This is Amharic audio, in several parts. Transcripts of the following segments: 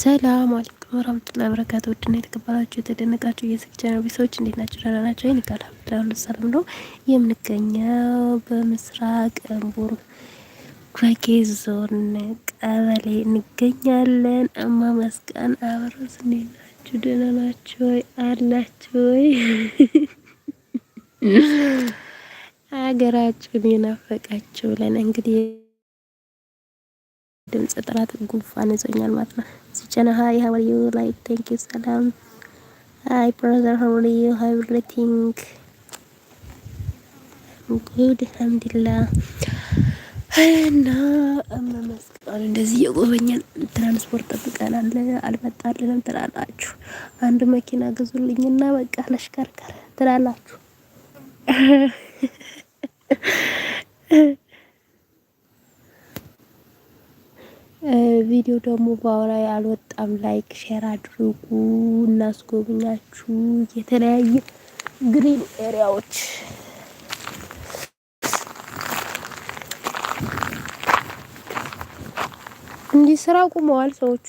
ሰላም አለይኩም ወራህመቱላሂ ወበረካቱህ። ውድና የተከበራችሁ የተደነቃችሁ የሰክቻና ቢሰዎች እንዴት ናቸው? ደህና ናቸው? ይህን ቃል ሁሉ ሰላም ነው። የምንገኘው በምስራቅ እምቡር ጉራጌ ዞን ቀበሌ እንገኛለን። እማ መስቃን አበረስ እንዴት ናችሁ? ደህና ናችሁ ወይ? አላችሁ ወይ? ሀገራችሁን የናፈቃችሁ ብለን እንግዲህ ድምጽ ጥራት ጉንፋን ይዞኛል ማለት ነው። ሲጨና ሀይ ሀው ዩ ላይክ ቴንክ ዩ ሰላም ሀይ ብራዘር ሀው ዩ ሀይ ኤቭሪቲንግ ጉድ አልሐምዱሊላ። እና መስቀል እንደዚህ የጎበኛል። ትራንስፖርት ጠብቀናል አልመጣልንም ትላላችሁ። አንድ መኪና ግዙልኝና በቃ ለሽከርከር ትላላችሁ። ቪዲዮ ደግሞ በአውራ አልወጣም። ላይክ ሼር አድርጉ፣ እናስጎብኛችሁ የተለያየ ግሪን ኤሪያዎች እንዲህ ስራ ቁመዋል ሰዎቹ።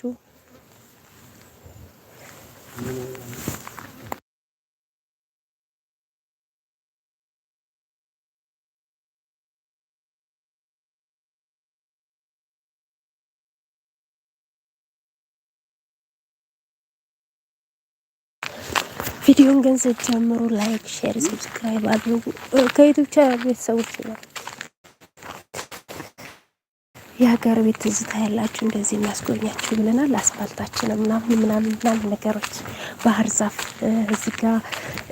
ቪዲዮን ገንዘብ ጀምሩ። ላይክ፣ ሼር፣ ሰብስክራይብ አድርጉ። ከዩቱብ ቻናል ቤተሰቦች ነው የሀገር ቤት ትዝታ ያላችሁ እንደዚህ የሚያስጎብኛችሁ ብለናል። አስፋልታችን ምናምን ምናምን ምናምን ነገሮች ባህር ዛፍ እዚህ ጋ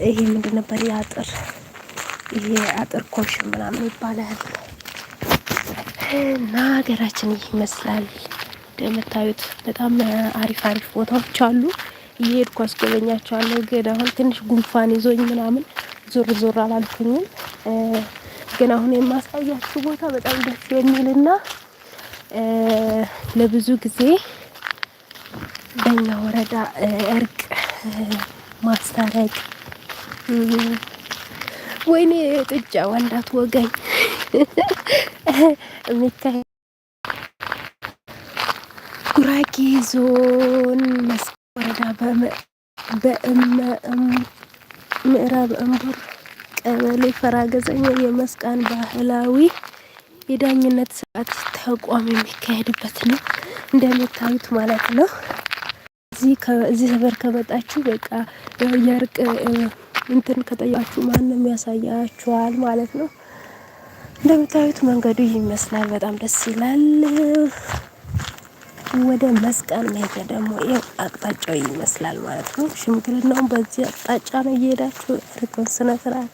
ይሄ ምንድን ነበር የአጥር ይሄ አጥር ኮሽ ምናምን ይባላል እና ሀገራችን ይህ ይመስላል። እንደምታዩት በጣም አሪፍ አሪፍ ቦታዎች አሉ። እየሄድኩ አስጎበኛቸዋለሁ። ግን አሁን ትንሽ ጉንፋን ይዞኝ ምናምን ዞር ዞር አላልኩኝም። ግን አሁን የማሳያችሁ ቦታ በጣም ደስ የሚልና ለብዙ ጊዜ በኛ ወረዳ እርቅ ማስታረቅ ወይኔ ጥጃ ወንዳት ወገኝ ጉራጌ ዞን ወረዳ በምዕራብ እምቡር ቀበሌ ፈራገዘኛ የመስቃን ባህላዊ የዳኝነት ስርዓት ተቋም የሚካሄድበት ነው እንደምታዩት ማለት ነው። እዚህ ሰፈር ከመጣችሁ በቃ የእርቅ እንትን ከጠያችሁ ማንም ያሳያችኋል ማለት ነው። እንደምታዩት መንገዱ ይመስላል። በጣም ደስ ይላል። ወደ መስቀል መሄጃ ደግሞ ይኸው አቅጣጫው ይመስላል ማለት ነው። ሽምግልናውን በዚህ አቅጣጫ ነው እየሄዳችሁ እርቅን ስነ ስርዓት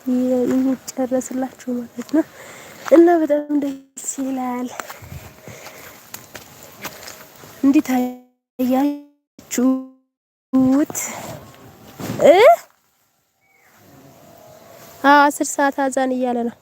የሚጨረስላችሁ ማለት ነው እና በጣም ደስ ይላል። እንዴት አያችሁት? አስር ሰዓት አዛን እያለ ነው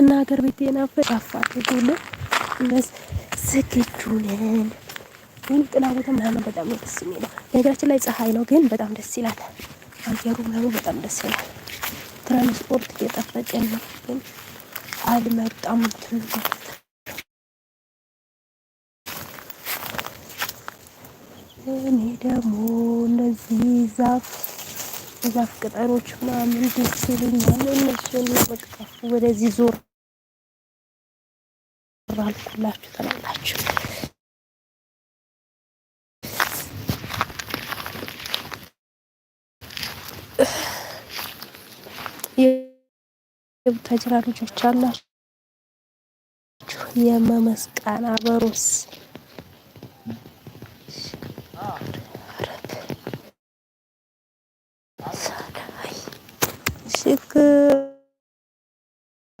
እና ሀገር ቤት ናፈ ያፋልጉልን ለስ ዝግጁ ነን። ግን ጥላ ቦታ ምናምን በጣም ነው ደስ የሚለው። ነገራችን ላይ ፀሐይ ነው፣ ግን በጣም ደስ ይላል። አየሩ ምናምን በጣም ደስ ይላል። ትራንስፖርት እየጠበቅን ነው፣ ግን አልመጣም ትንሽ እኔ ደግሞ እንደዚህ ዛፍ ዛፍ ቅጠሎች ምናምን ደስ ይሉኛል። እነሱን ለመቅጠፍ ወደዚህ ዞር አልኩላችሁ ትላላችሁ። የቡታጅራ ልጆች አላችሁ የመመስቃን አበሮስ ሽክ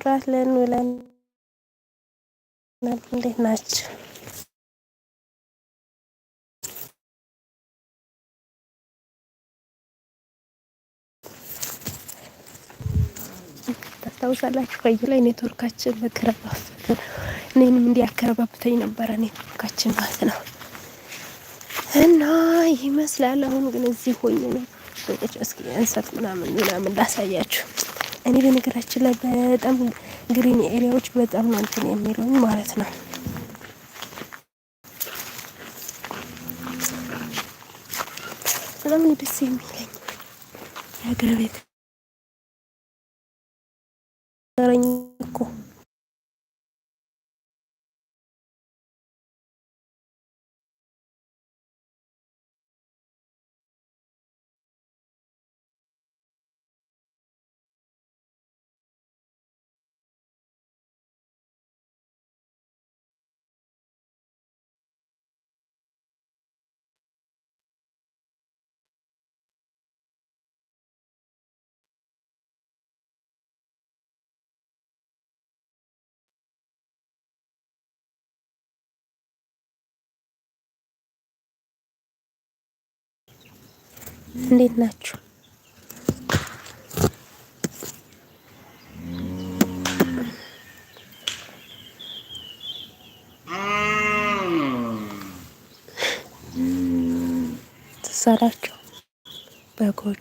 ራስ ናል እንዴት ናችሁ? ታስታውሳላችሁ? ቆይ ላይ ኔትወርካችን በከረባፍ እኔንም እንዲያከረባብተኝ ነበረ ኔትወርካችን ማለት ነው። እና ይመስላል። አሁን ግን እዚህ ሆኜ ነው በጭ እስኪ እንሰት ምናምን ምናምን ላሳያችሁ። እኔ በነገራችን ላይ በጣም ግሪን ኤሪያዎች በጣም ነው እንትን የሚሉኝ ማለት ነው። በጣም ደስ የሚለኝ የሀገር ቤት እንዴት ናችሁ? ተሰራችሁ በጎቹ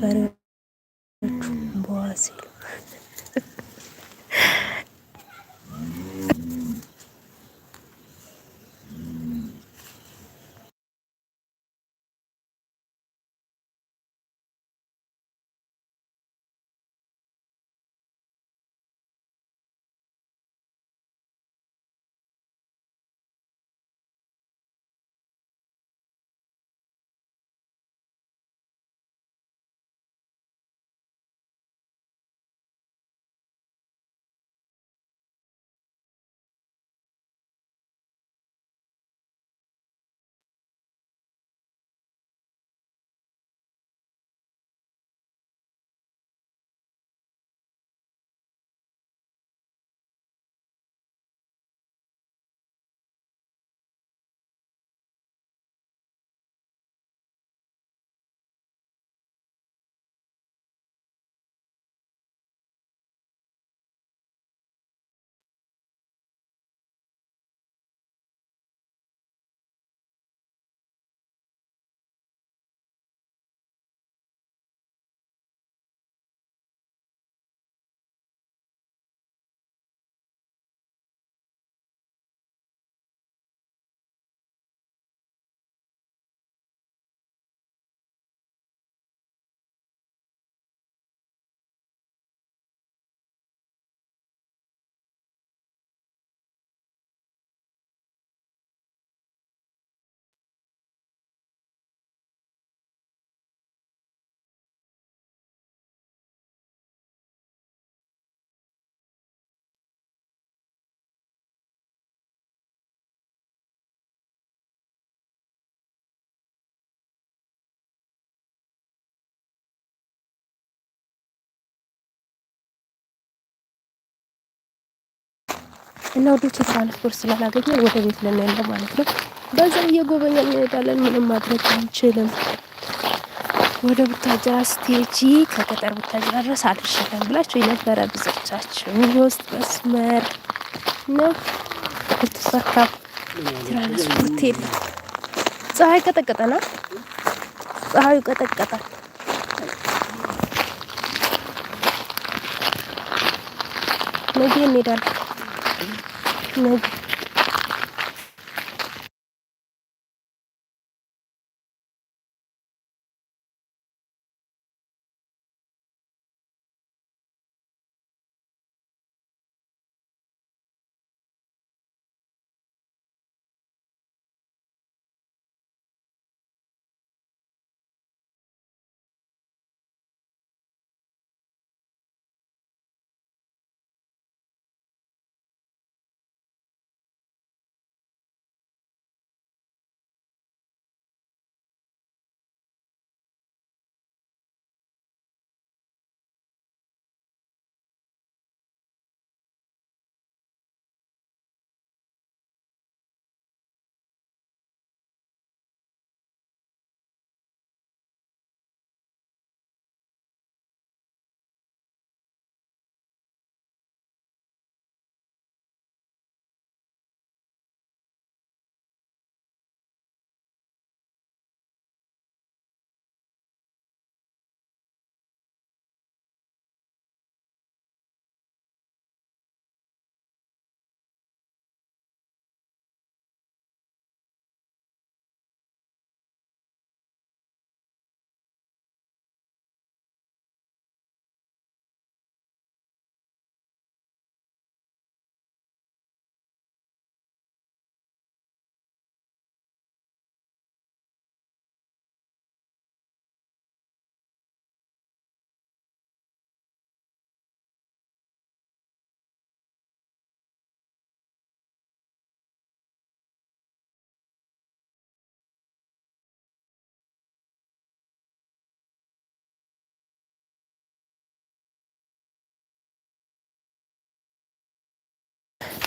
በሬዎቹ በዋሲሉ እና ወዶች ትራንስፖርት ስላላገኘን ወደ ቤት ልንሄድ ማለት ነው። በዛ እየጎበኘን እንሄዳለን። ምንም ማድረግ አንችልም። ወደ ቡታጅራ ስቴጂ ከገጠር ቡታጅራ ድረስ አልሸለም ብላችሁ የነበረ ብዙቻችሁ የውስጥ መስመር ነው ልትሰካ ትራንስፖርት የለም። ፀሐይ ቀጠቀጠና ፀሐዩ ቀጠቀጣል። ነገ እንሄዳለን። look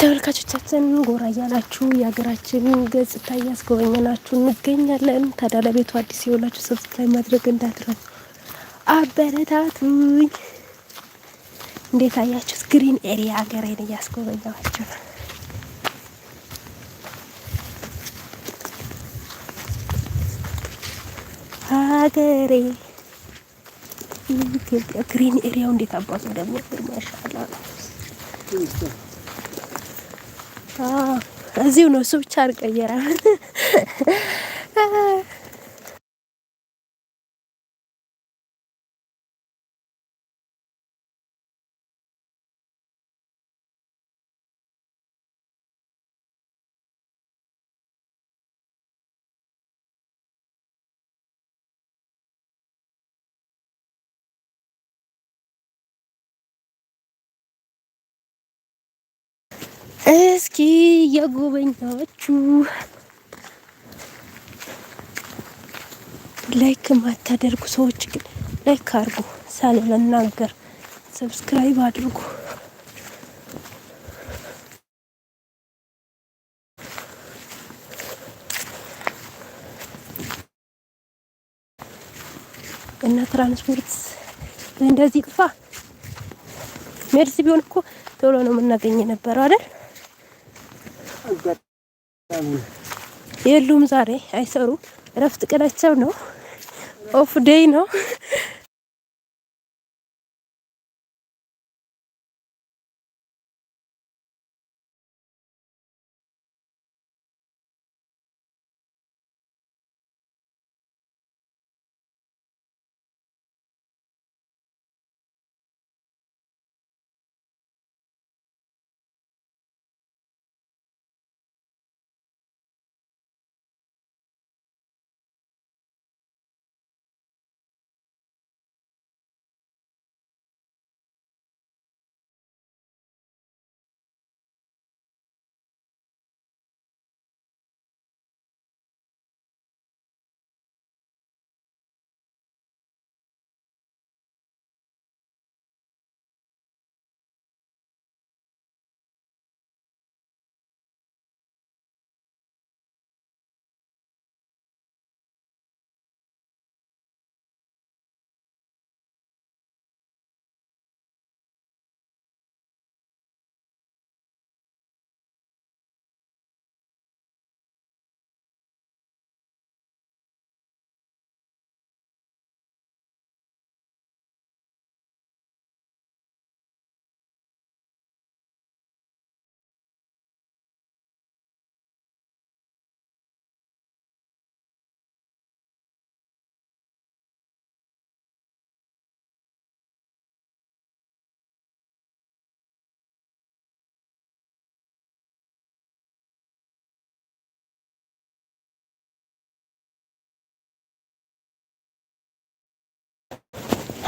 ተመልካቾቻችን ጎራ እያላችሁ የሀገራችን ገጽታ እያስጎበኘናችሁ እንገኛለን። ታዲያ ለቤቱ አዲስ የሆናችሁ ሰብስክራይብ ማድረግ እንዳትረሱ፣ አበረታቱኝ። እንዴት አያችሁት? ግሪን ኤሪያ ሀገሬን እያስጎበኘዋችሁ ነው። ሀገሬ ኢትዮጵያ ግሪን ኤሪያው እንዴት አባቱ እንደሚያምር ማሻላ እዚሁ ነው። እሱ ብቻ አልቀየረም። እስኪ የጎበኛችሁ ላይክ የማታደርጉ ሰዎች ግን ላይክ አድርጉ፣ ሳልናገር ሰብስክራይብ አድርጉ። እና ትራንስፖርት እንደዚህ ጥፋ ሜርሲ ቢሆን እኮ ቶሎ ነው የምናገኝ የነበረው አይደል? የሉም ዛሬ አይሰሩም። እረፍት ቀናቸው ነው። ኦፍ ዴይ ነው።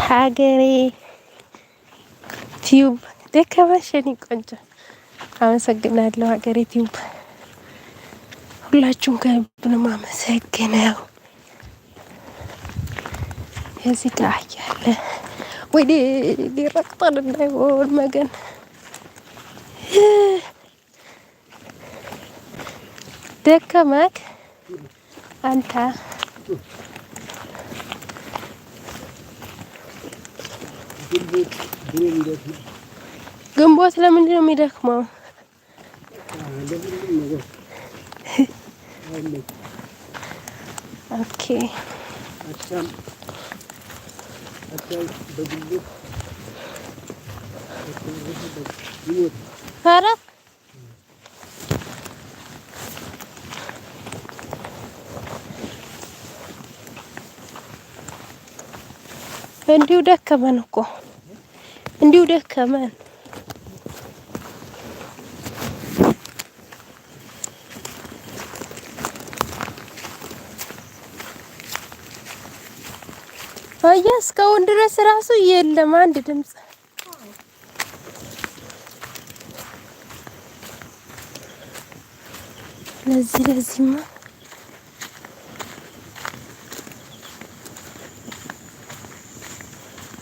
ሀገሬ ቲዩብ ደከመሽ የኔ ቆንጆ። አመሰግናለሁ ሀገሬ ቲዩብ። ሁላችሁም ከልብ ነው የማመሰግነው። እዚህ ጋር ያለ ወይኔ ሊረግጠን እንዳይሆን መገን ደከመክ አንተ ግንቦት ለምንድን ነው የሚደክመው? ኦኬ ኧረ እንዲሁ ደከመን እኮ እንዲሁ ደከመን። አያ እስካሁን ድረስ ራሱ የለም አንድ ድምጽ። ለዚህ ለዚህማ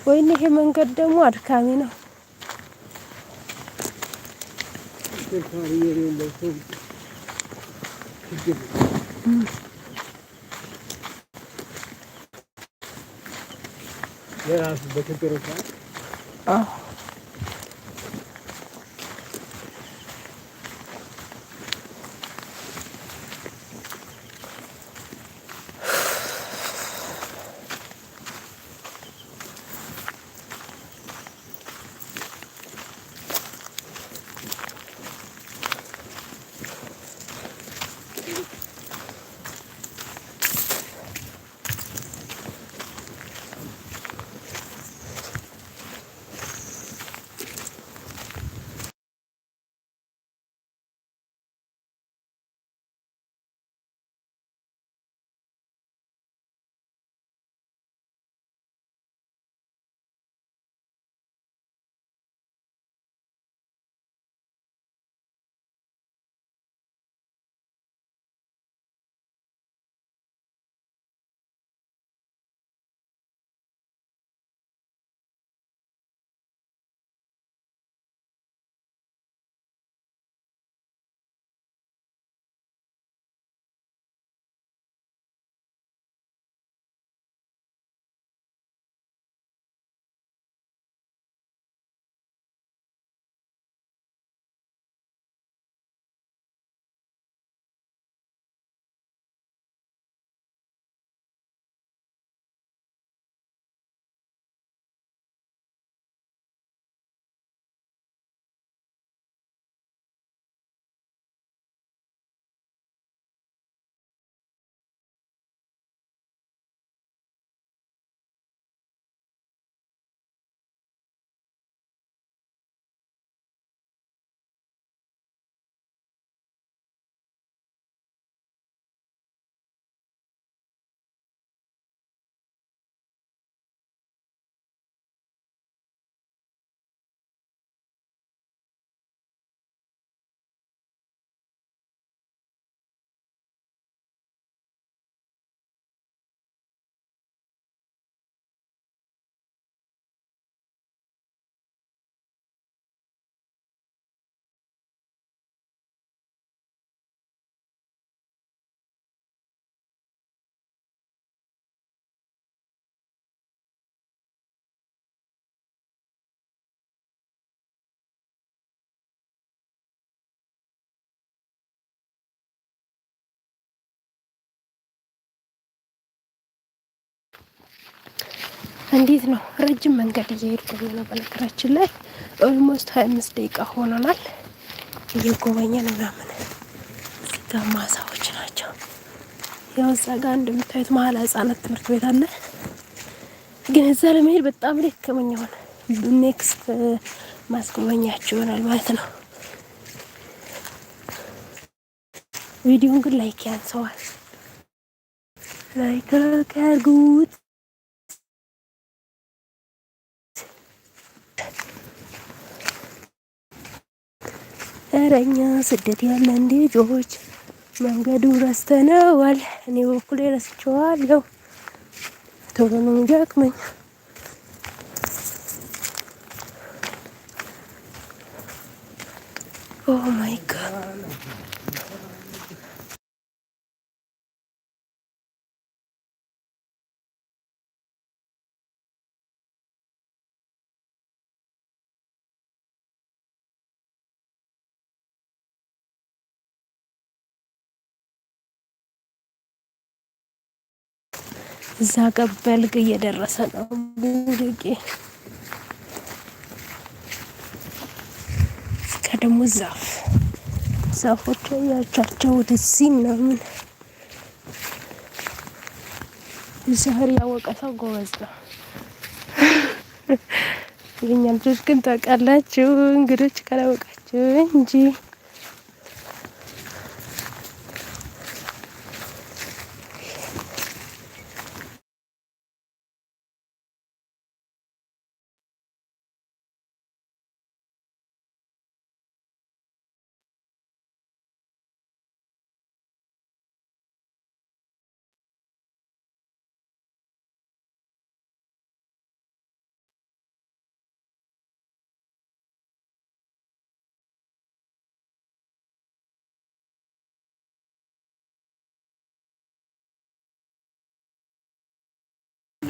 ወይኔ ይሄ መንገድ ደግሞ አድካሚ ነው። አዎ እንዴት ነው ረጅም መንገድ እየሄድኩኝ ነው። በነገራችን ላይ ኦልሞስት 25 ደቂቃ ሆኖናል። እየጎበኘን ምናምን ስጋ ማሳዎች ናቸው። ያው እዛ ጋር እንደምታዩት መሀል ህጻናት ትምህርት ቤት አለ። ግን እዛ ለመሄድ በጣም ደከመኝ ሆነ። ኔክስት ማስጎበኛችሁ ይሆናል ማለት ነው። ቪዲዮን ግን ላይክ ያንሰዋል። ላይክ ያርጉት። እረኛ ስደት ያለን ልጆች መንገዱ ረስተነዋል። እኔ በኩሌ ረስቸዋለሁ። ቶሎ ነው የሚደክመኝ። ኦ ማይ ጋድ እዛ ጋር እየደረሰ ነው። እስከ ደግሞ ዛፍ ዛፎቹ ያቻቸው ወደዚህ ምናምን ዛህር ያወቀ ሰው ጎበዝ ነው። የእኛ ልጆች ግን ታውቃላችሁ እንግዶች ካላወቃችሁ እንጂ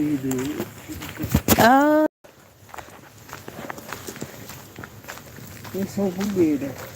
colorido. Ah! Em São Bugueira.